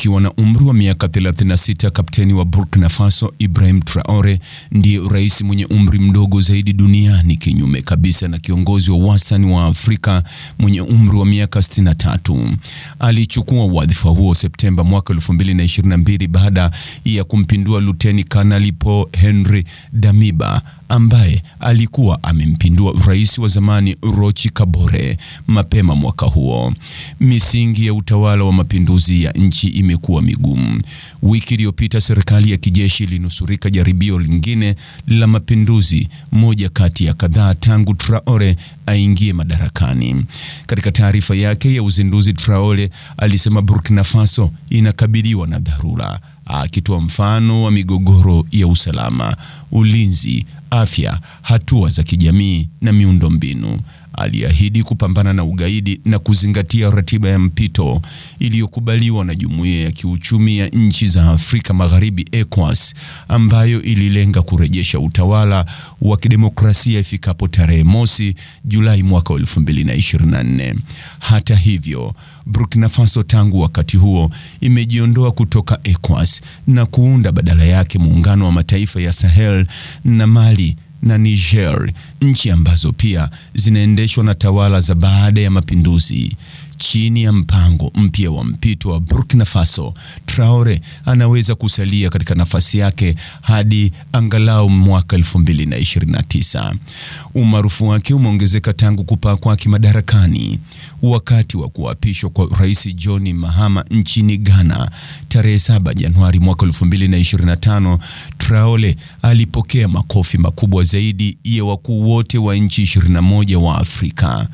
Akiwa na umri wa miaka 36, kapteni wa Burkina Faso Ibrahim Traore ndiye rais mwenye umri mdogo zaidi duniani, kinyume kabisa na kiongozi wa wastani wa Afrika mwenye umri wa miaka 63. Alichukua wadhifa huo Septemba mwaka 2022 baada ya kumpindua Luteni Kanali Paul Henri Damiba ambaye alikuwa amempindua rais wa zamani rochi Kabore mapema mwaka huo. Misingi ya utawala wa mapinduzi ya nchi imekuwa migumu. Wiki iliyopita serikali ya kijeshi ilinusurika jaribio lingine la mapinduzi, moja kati ya kadhaa tangu Traore aingie madarakani. Katika taarifa yake ya uzinduzi, Traore alisema Burkina Faso inakabiliwa na dharura akitoa mfano wa migogoro ya usalama, ulinzi, afya, hatua za kijamii na miundombinu aliahidi kupambana na ugaidi na kuzingatia ratiba ya mpito iliyokubaliwa na Jumuiya ya Kiuchumi ya Nchi za Afrika Magharibi ECOWAS, ambayo ililenga kurejesha utawala wa kidemokrasia ifikapo tarehe mosi Julai mwaka 2024. Hata hivyo, Burkina Faso tangu wakati huo imejiondoa kutoka ECOWAS na kuunda badala yake muungano wa mataifa ya Sahel na Mali na Niger, nchi ambazo pia zinaendeshwa na tawala za baada ya mapinduzi. Chini ya mpango mpya wa mpito wa Burkina Faso, Traore anaweza kusalia katika nafasi yake hadi angalau mwaka 2029. Umaarufu wake umeongezeka tangu kupaa kwake madarakani wakati wa kuapishwa kwa Rais John Mahama nchini Ghana tarehe 7 Januari mwaka 2025, Traore alipokea makofi makubwa zaidi ya wakuu wote wa nchi 21 wa Afrika.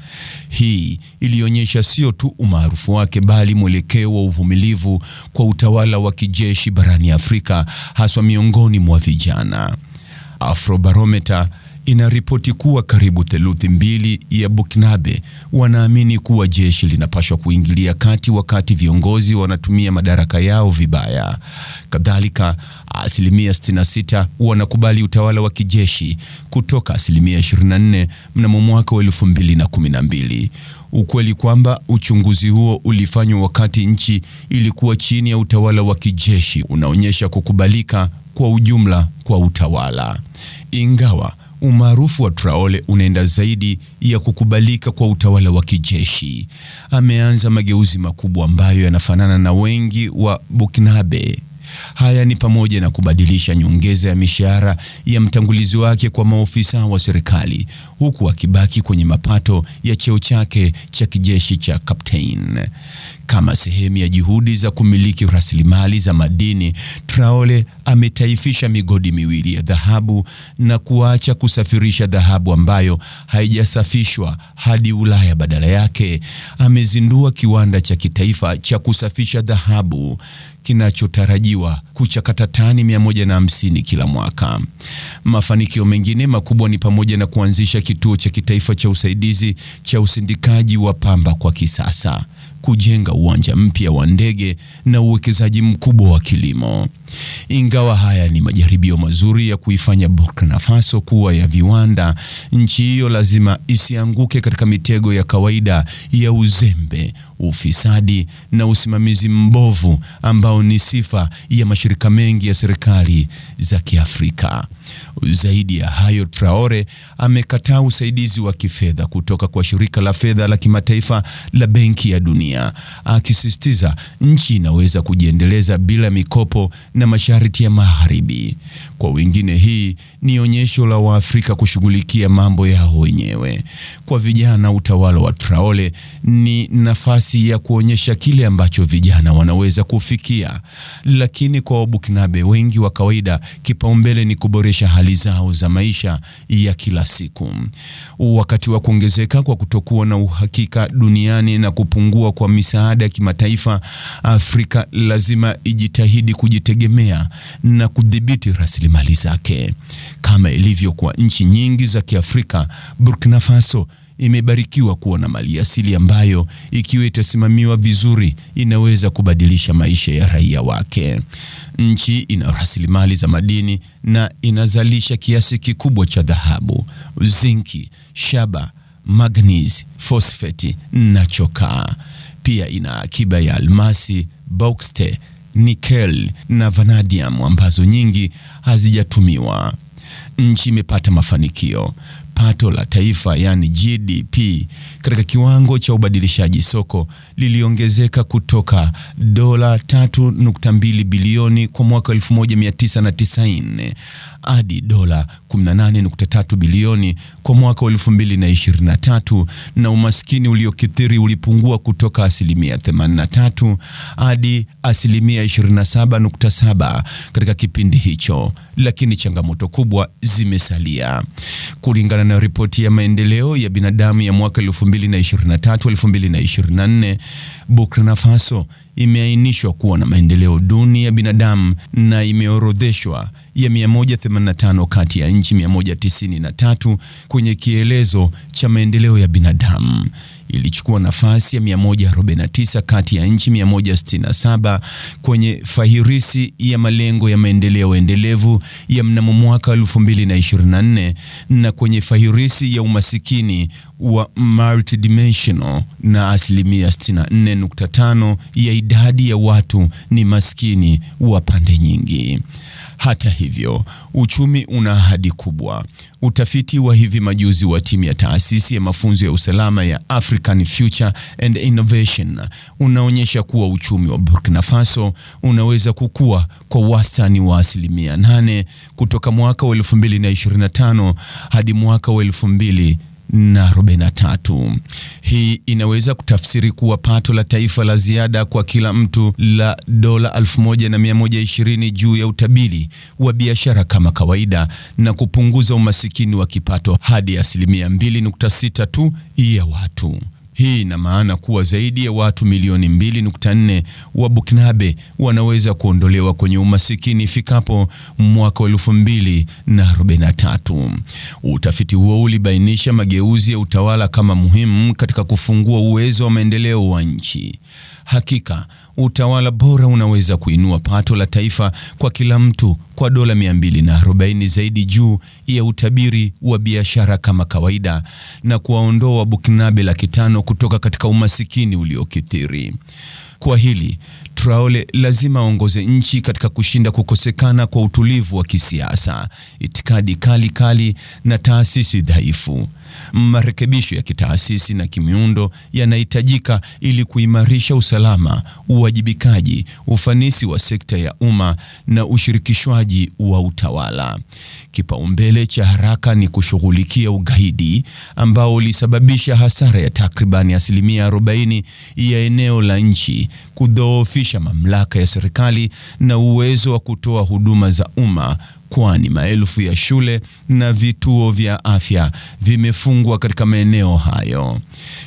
Hii ilionyesha sio tu umaarufu wake bali mwelekeo wa uvumilivu kwa utawala wa kijeshi barani Afrika, haswa miongoni mwa vijana. Afrobarometer inaripoti kuwa karibu theluthi mbili ya buknabe wanaamini kuwa jeshi linapaswa kuingilia kati wakati viongozi wanatumia madaraka yao vibaya. Kadhalika, asilimia 66 wanakubali utawala wa kijeshi kutoka asilimia 24 mnamo mwaka wa 2012. Ukweli kwamba uchunguzi huo ulifanywa wakati nchi ilikuwa chini ya utawala wa kijeshi unaonyesha kukubalika kwa ujumla kwa utawala, ingawa Umaarufu wa Traore unaenda zaidi ya kukubalika kwa utawala wa kijeshi. Ameanza mageuzi makubwa ambayo yanafanana na wengi wa Bukinabe. Haya ni pamoja na kubadilisha nyongeza ya mishahara ya mtangulizi wake kwa maofisa wa serikali, huku akibaki kwenye mapato ya cheo chake cha kijeshi cha kaptein. Kama sehemu ya juhudi za kumiliki rasilimali za madini, Traore ametaifisha migodi miwili ya dhahabu na kuacha kusafirisha dhahabu ambayo haijasafishwa hadi Ulaya. Badala yake, amezindua kiwanda cha kitaifa cha kusafisha dhahabu kinachotarajiwa kuchakata tani 150 kila mwaka. Mafanikio mengine makubwa ni pamoja na kuanzisha kituo cha kitaifa cha usaidizi cha usindikaji wa pamba kwa kisasa kujenga uwanja mpya wa ndege na uwekezaji mkubwa wa kilimo. Ingawa haya ni majaribio mazuri ya kuifanya Burkina Faso kuwa ya viwanda, nchi hiyo lazima isianguke katika mitego ya kawaida ya uzembe, ufisadi na usimamizi mbovu ambao ni sifa ya mashirika mengi ya serikali za Kiafrika. Zaidi ya hayo, Traore amekataa usaidizi wa kifedha kutoka kwa shirika la fedha la kimataifa la Benki ya Dunia, akisisitiza nchi inaweza kujiendeleza bila mikopo na masharti ya Magharibi. Kwa wengine, hii ni onyesho la Waafrika kushughulikia mambo yao wenyewe. Kwa vijana, utawala wa Traore ni nafasi ya kuonyesha kile ambacho vijana wanaweza kufikia, lakini kwa Wabukinabe wengi wa kawaida, kipaumbele ni kuboresha hali hali zao za maisha ya kila siku. Wakati wa kuongezeka kwa kutokuwa na uhakika duniani na kupungua kwa misaada ya kimataifa, Afrika lazima ijitahidi kujitegemea na kudhibiti rasilimali zake. Kama ilivyo kwa nchi nyingi za Kiafrika, Burkina Faso imebarikiwa kuwa na mali asili ambayo ikiwa itasimamiwa vizuri inaweza kubadilisha maisha ya raia wake. Nchi ina rasilimali za madini na inazalisha kiasi kikubwa cha dhahabu, zinki, shaba, magnesi, fosfeti na chokaa. Pia ina akiba ya almasi, bauxite, nikel na vanadium ambazo nyingi hazijatumiwa. Nchi imepata mafanikio pato la taifa yani GDP katika kiwango cha ubadilishaji soko liliongezeka kutoka dola 3.2 bilioni kwa mwaka 1990 hadi dola 18.3 bilioni kwa mwaka 2023 na umaskini uliokithiri ulipungua kutoka asilimia 83 hadi asilimia 27.7 katika kipindi hicho, lakini changamoto kubwa zimesalia kulingana na ripoti ya maendeleo ya binadamu ya mwaka 2023-2024, Burkina Faso imeainishwa kuwa na maendeleo duni ya binadamu na imeorodheshwa ya 185 kati ya nchi 193 kwenye kielezo cha maendeleo ya binadamu ilichukua nafasi ya 149 kati ya nchi 167 kwenye fahirisi ya malengo ya maendeleo endelevu ya mnamo mwaka 2024 na kwenye fahirisi ya umasikini wa multidimensional, na asilimia 64.5 ya idadi ya watu ni maskini wa pande nyingi. Hata hivyo, uchumi una ahadi kubwa. Utafiti wa hivi majuzi wa timu ya taasisi ya mafunzo ya usalama ya African Future and Innovation unaonyesha kuwa uchumi wa Burkina Faso unaweza kukua kwa wastani wa asilimia nane kutoka mwaka wa 2025 hadi mwaka wa 2030 na tatu. Hii inaweza kutafsiri kuwa pato la taifa la ziada kwa kila mtu la dola 1120 juu ya utabiri wa biashara kama kawaida na kupunguza umasikini wa kipato hadi asilimia 2.6 tu ya watu. Hii ina maana kuwa zaidi ya watu milioni 2.4 wa Burkinabe wanaweza kuondolewa kwenye umasikini ifikapo mwaka 2043. Utafiti huo ulibainisha mageuzi ya utawala kama muhimu katika kufungua uwezo wa maendeleo wa nchi. Hakika utawala bora unaweza kuinua pato la taifa kwa kila mtu kwa dola 240 zaidi juu ya utabiri wa biashara kama kawaida na kuwaondoa Burkinabe laki tano kutoka katika umasikini uliokithiri. Kwa hili Traore lazima aongoze nchi katika kushinda kukosekana kwa utulivu wa kisiasa, itikadi kali kali na taasisi dhaifu marekebisho ya kitaasisi na kimiundo yanahitajika ili kuimarisha usalama, uwajibikaji, ufanisi wa sekta ya umma na ushirikishwaji wa utawala. Kipaumbele cha haraka ni kushughulikia ugaidi ambao ulisababisha hasara ya takribani asilimia 40 ya eneo la nchi, kudhoofisha mamlaka ya serikali na uwezo wa kutoa huduma za umma kwani maelfu ya shule na vituo vya afya vimefungwa katika maeneo hayo.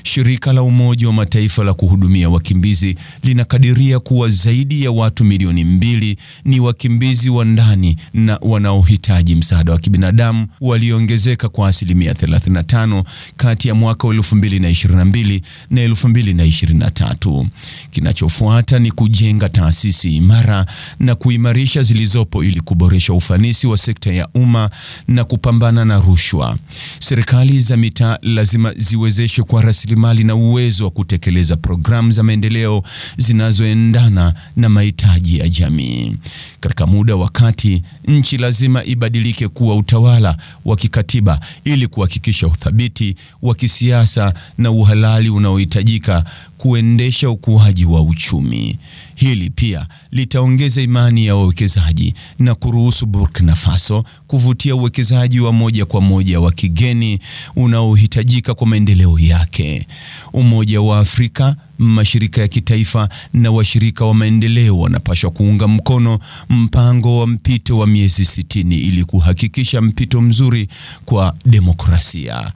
Shirika la Umoja wa Mataifa la kuhudumia wakimbizi linakadiria kuwa zaidi ya watu milioni mbili ni wakimbizi wa ndani na wanaohitaji msaada wa kibinadamu waliongezeka kwa asilimia 35 kati ya mwaka 2022 na 2023. Kinachofuata ni kujenga taasisi imara na kuimarisha zilizopo ili kuboresha ufanisi ufanisi wa sekta ya umma na kupambana na rushwa. Serikali za mitaa lazima ziwezeshe kwa rasilimali na uwezo wa kutekeleza programu za maendeleo zinazoendana na mahitaji ya jamii. Katika muda wa kati, nchi lazima ibadilike kuwa utawala wa kikatiba ili kuhakikisha uthabiti wa kisiasa na uhalali unaohitajika kuendesha ukuaji wa uchumi. Hili pia litaongeza imani ya wawekezaji na kuruhusu Burkina Faso kuvutia uwekezaji wa moja kwa moja wa kigeni unaohitajika kwa maendeleo yake. Umoja wa Afrika mashirika ya kitaifa na washirika wa maendeleo wanapaswa kuunga mkono mpango wa mpito wa miezi sitini ili kuhakikisha mpito mzuri kwa demokrasia.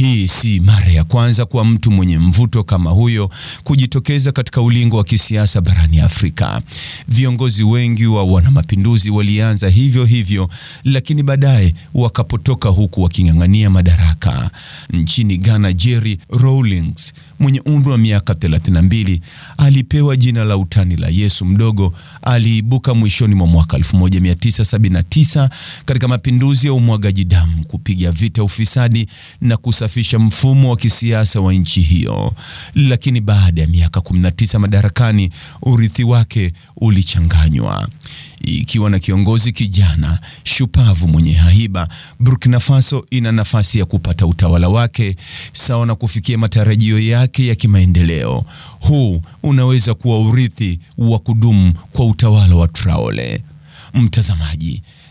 Hii si mara ya kwanza kwa mtu mwenye mvuto kama huyo kujitokeza katika ulingo wa kisiasa barani Afrika. Viongozi wengi wa wanamapinduzi walianza hivyo hivyo, lakini baadaye wakapotoka huku waking'ang'ania madaraka. Nchini Ghana, Jerry Rawlings mwenye umri wa miaka 32 alipewa jina la utani la Yesu mdogo. Aliibuka mwishoni mwa mwaka 1979 katika mapinduzi ya umwagaji damu kupiga vita ufisadi na kusa kusafisha mfumo wa kisiasa wa nchi hiyo, lakini baada ya miaka 19 madarakani, urithi wake ulichanganywa ikiwa na kiongozi kijana shupavu mwenye haiba. Burkina Faso ina nafasi ya kupata utawala wake sawa na kufikia matarajio yake ya kimaendeleo. Huu unaweza kuwa urithi wa kudumu kwa utawala wa Traore. Mtazamaji,